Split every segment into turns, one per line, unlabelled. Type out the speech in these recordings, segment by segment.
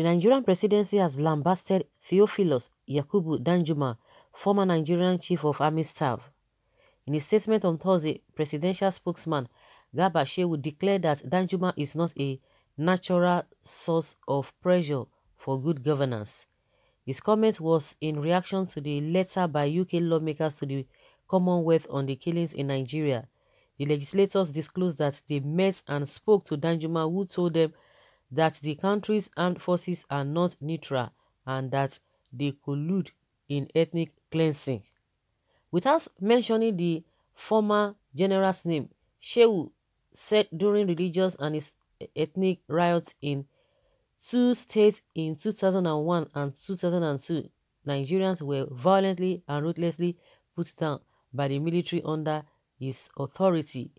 The Nigerian presidency has lambasted Theophilus Yakubu Danjuma, former Nigerian chief of army staff. In a statement on Thursday, presidential spokesman Garba Shehu declared that Danjuma is not a natural source of pressure for good governance. His comment was in reaction to the letter by UK lawmakers to the Commonwealth on the killings in Nigeria. The legislators disclosed that they met and spoke to Danjuma, who told them that the country's armed forces are not neutral and that they collude in ethnic cleansing. Without mentioning the former general's name, Shehu said during religious and ethnic riots in two states in 2001 and 2002, Nigerians were violently and ruthlessly put down by the military under his authority.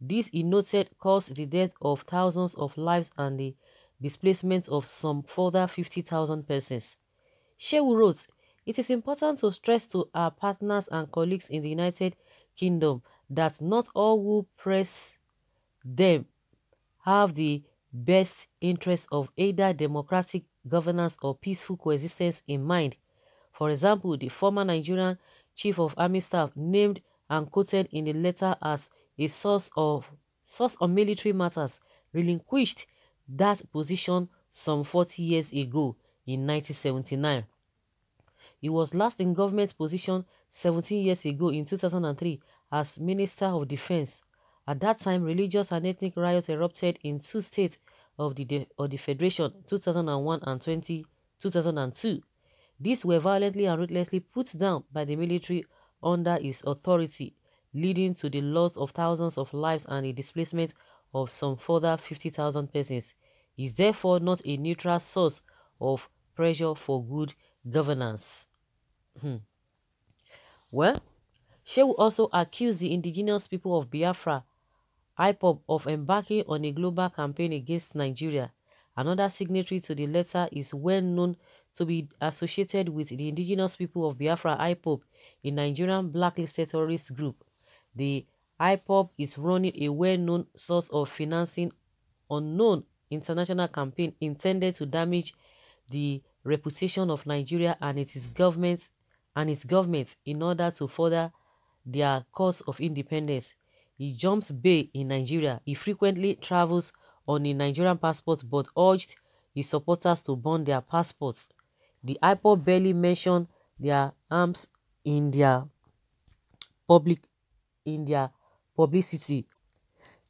This, he noted, caused the death of thousands of lives and the displacement of some further 50,000 persons. Shehu wrote, It is important to stress to our partners and colleagues in the United Kingdom that not all who press them have the best interest of either democratic governance or peaceful coexistence in mind. For example, the former Nigerian chief of army staff named and quoted in the letter as a source of source on military matters relinquished that position some 40 years ago in 1979. He was last in government position 17 years ago in 2003 as Minister of Defense. At that time, religious and ethnic riots erupted in two states of the, of the Federation 2001 and 20, 2002. These were violently and ruthlessly put down by the military under his authority, leading to the loss of thousands of lives and the displacement of some further 50,000 persons is therefore not a neutral source of pressure for good governance. Hmm. well, Shehu also accused the indigenous people of Biafra, IPOB, of embarking on a global campaign against Nigeria. Another signatory to the letter is well known to be associated with the indigenous people of Biafra, IPOB, a Nigerian blacklisted terrorist group. The IPop is running a well-known source of financing unknown international campaign intended to damage the reputation of Nigeria and its government and its government in order to further their cause of independence. He jumps bay in Nigeria. He frequently travels on a Nigerian passport but urged his supporters to burn their passports. The IPop barely mentioned their arms in their public in their publicity.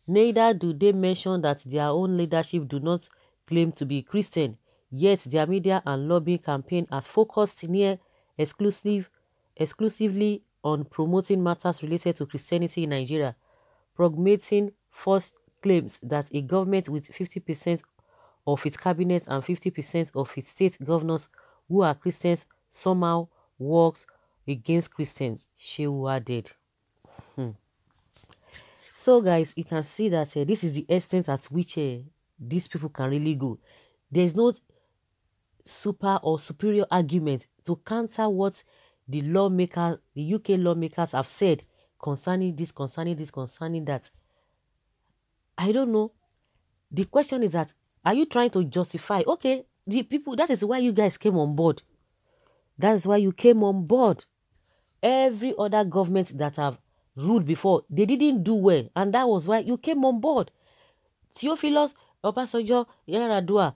Neither do they mention that their own leadership do not claim to be Christian, yet their media and lobbying campaign has focused near exclusive, exclusively on promoting matters related to Christianity in Nigeria, promoting false claims that a government with 50% of its cabinet and 50% of its state governors who are Christians somehow works against Christians, She added. So guys, you can see that uh, this is the extent at which uh, these people can really go. There's no super or superior argument to counter what the lawmakers, the UK lawmakers have said concerning this, concerning this, concerning that. I don't know. The question is that are you trying to justify? Okay, the people that is why you guys came on board. That's why you came on board. Every other government that have ruled before. They didn't do well, and that was why you came on board. Theophilus, Obasanjo, Yar'Adua,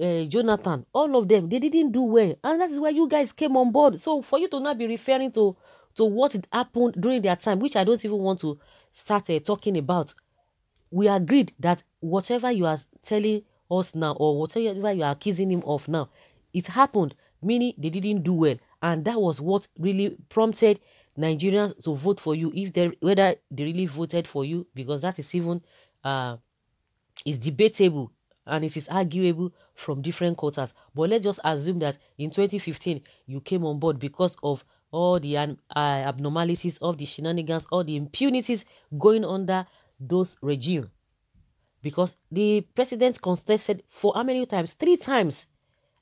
uh, eh, Jonathan, all of them, they didn't do well, and that is why you guys came on board. So for you to not be referring to to what happened during their time, which I don't even want to start uh, talking about, we agreed that whatever you are telling us now or whatever you are accusing him of now, it happened, meaning they didn't do well, and that was what really prompted Nigerians to vote for you if they whether they really voted for you because that is even uh is debatable and it is arguable from different quarters. But let's just assume that in 2015 you came on board because of all the uh, abnormalities of the shenanigans, all the impunities going under those regime. Because the president contested for how many times? Three times.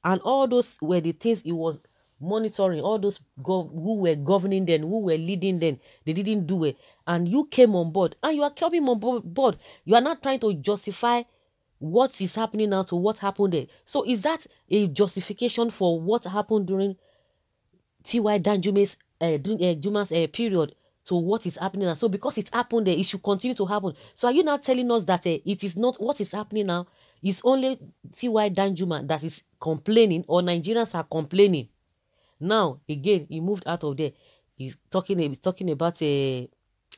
And all those were the things he was monitoring all those gov- who were governing them, who were leading them. They didn't do it. And you came on board and you are coming on board. You are not trying to justify what is happening now to what happened there. So is that a justification for what happened during T.Y. Danjume's uh, Juma's uh, period to what is happening now? So because it happened there, it should continue to happen. So are you now telling us that uh, it is not what is happening now? It's only T.Y. Danjuma that is complaining or Nigerians are complaining now, again, he moved out of there. He's talking, he's talking about a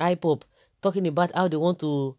uh, eh, IPOP, talking about how they want to,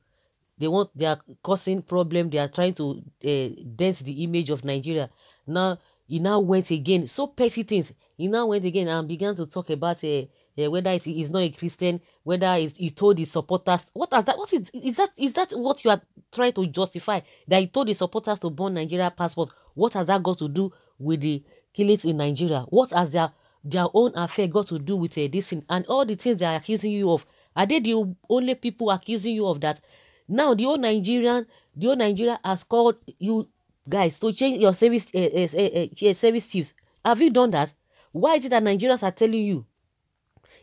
they want, they are causing problem. They are trying to uh, eh, dance the image of Nigeria. Now, he now went again. So petty things. He now went again and began to talk about uh, uh, whether it is not a Christian, whether he told his supporters. What is that? What is is that? Is that what you are trying to justify? That he told his supporters to burn Nigeria passports. What has that got to do with the killings in Nigeria? What has their, their own affair got to do with uh, this thing? And all the things they are accusing you of, are they the only people accusing you of that? Now, the old Nigerian, the old Nigeria has called you guys to change your service, uh, uh, uh, service chiefs. Have you done that? Why is it that Nigerians are telling you?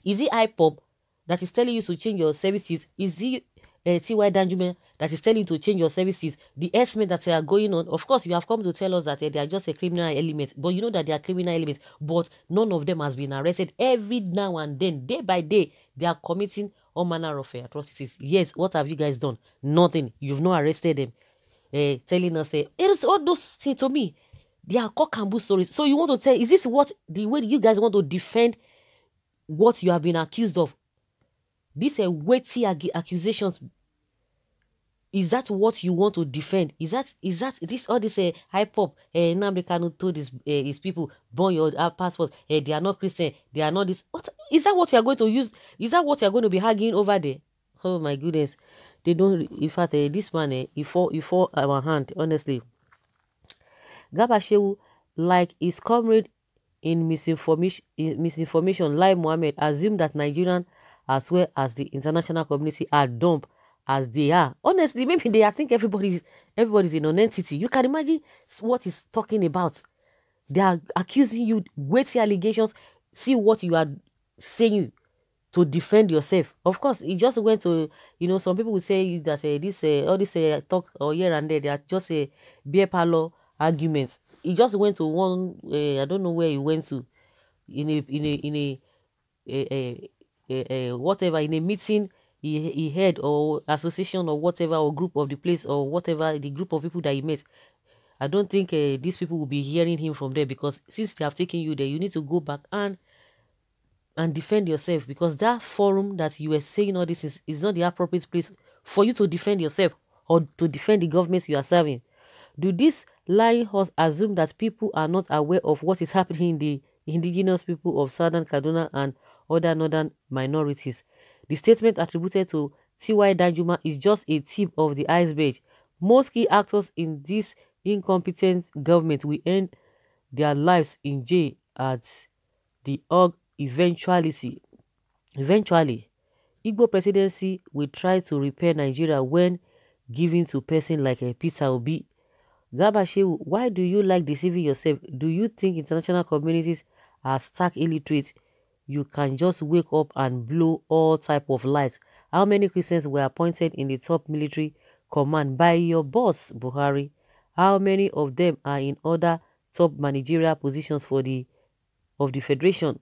Is it IPOP that is telling you to change your service chiefs? Is it uh, eh, Ty Danjume that is telling you to change your services, the estimate that they are going on, of course, you have come to tell us that uh, they are just a criminal element, but you know that they are criminal elements, but none of them has been arrested. Every now and then, day by day, they are committing all manner of uh, atrocities. Yes, what have you guys done? Nothing. You've not arrested them. Uh, telling us, uh, it's all those things to me. They are cock and bull stories. So you want to tell, is this what, the way you guys want to defend what you have been accused of? These are weighty accusations is that what you want to defend is that is that this all this uh, eh, hype pop uh, eh, Nnamdi Kanu told his, uh, his people burn your uh, passports uh, they are not Christian they are not this what is that what you are going to use is that what you are going to be hugging over there oh my goodness they don't in fact uh, this man uh, he fall he fall our hand honestly Gabashewu like his comrade in misinformation in misinformation like Mohammed assumed that Nigerian as well as the international community are dumb as they are. Honestly, maybe they I think everybody's everybody's in non-entity. You can imagine what he's talking about. They are accusing you, weighty allegations. See what you are saying to defend yourself. Of course, it just went to you know some people would say that uh, this uh, all this uh, talk or here and there they are just a uh, beer parlor arguments. He just went to one uh, I don't know where he went to in a in a in a, a, a, a whatever in a meeting he, he heard or association or whatever or group of the place or whatever the group of people that he met i don't think uh, these people will be hearing him from there because since they have taken you there you need to go back and and defend yourself because that forum that you were saying all this is, is not the appropriate place for you to defend yourself or to defend the government you are serving do this lying horse assume that people are not aware of what is happening in the indigenous people of southern kaduna and other northern minorities the statement attributed to T.Y. Danjuma is just a tip of the iceberg. Most key actors in this incompetent government will end their lives in jail at the org eventuality. Eventually, Igbo presidency will try to repair Nigeria when giving to person like a eh, Peter Obi. Gabashewu, why do you like deceiving yourself? Do you think international communities are stark illiterate? you can just wake up and blow all type of lights. How many Christians were appointed in the top military command by your boss, Buhari? How many of them are in other top managerial positions for the of the Federation?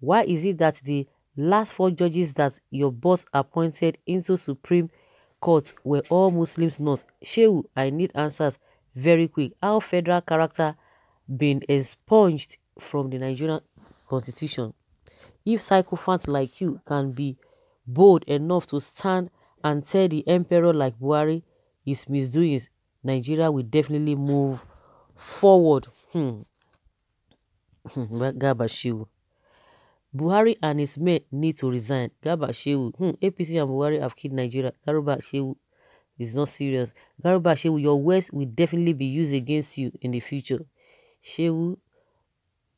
Why is it that the last four judges that your boss appointed into Supreme Court were all Muslims not? Shehu, I need answers very quick. How federal character been expunged from the Nigerian constitution? if sycophants like you can be bold enough to stand and tell the emperor like Buhari his misdoings, Nigeria will definitely move forward. Hmm. hmm Gabashiu. Buhari and his men need to resign. Gabashiu. Hmm. APC and Buhari have killed Nigeria. Garubashiu is not serious. Garubashiu, your words will definitely be used against you in the future. Shehu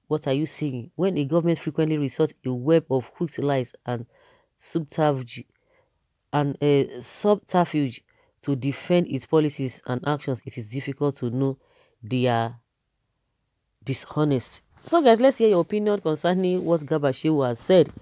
what are you saying? When a government frequently resorts a web of crooked lies and subterfuge and a uh, subterfuge to defend its policies and actions, it is difficult to know they are dishonest. So, guys, let's hear your opinion concerning what Gabashewu has said.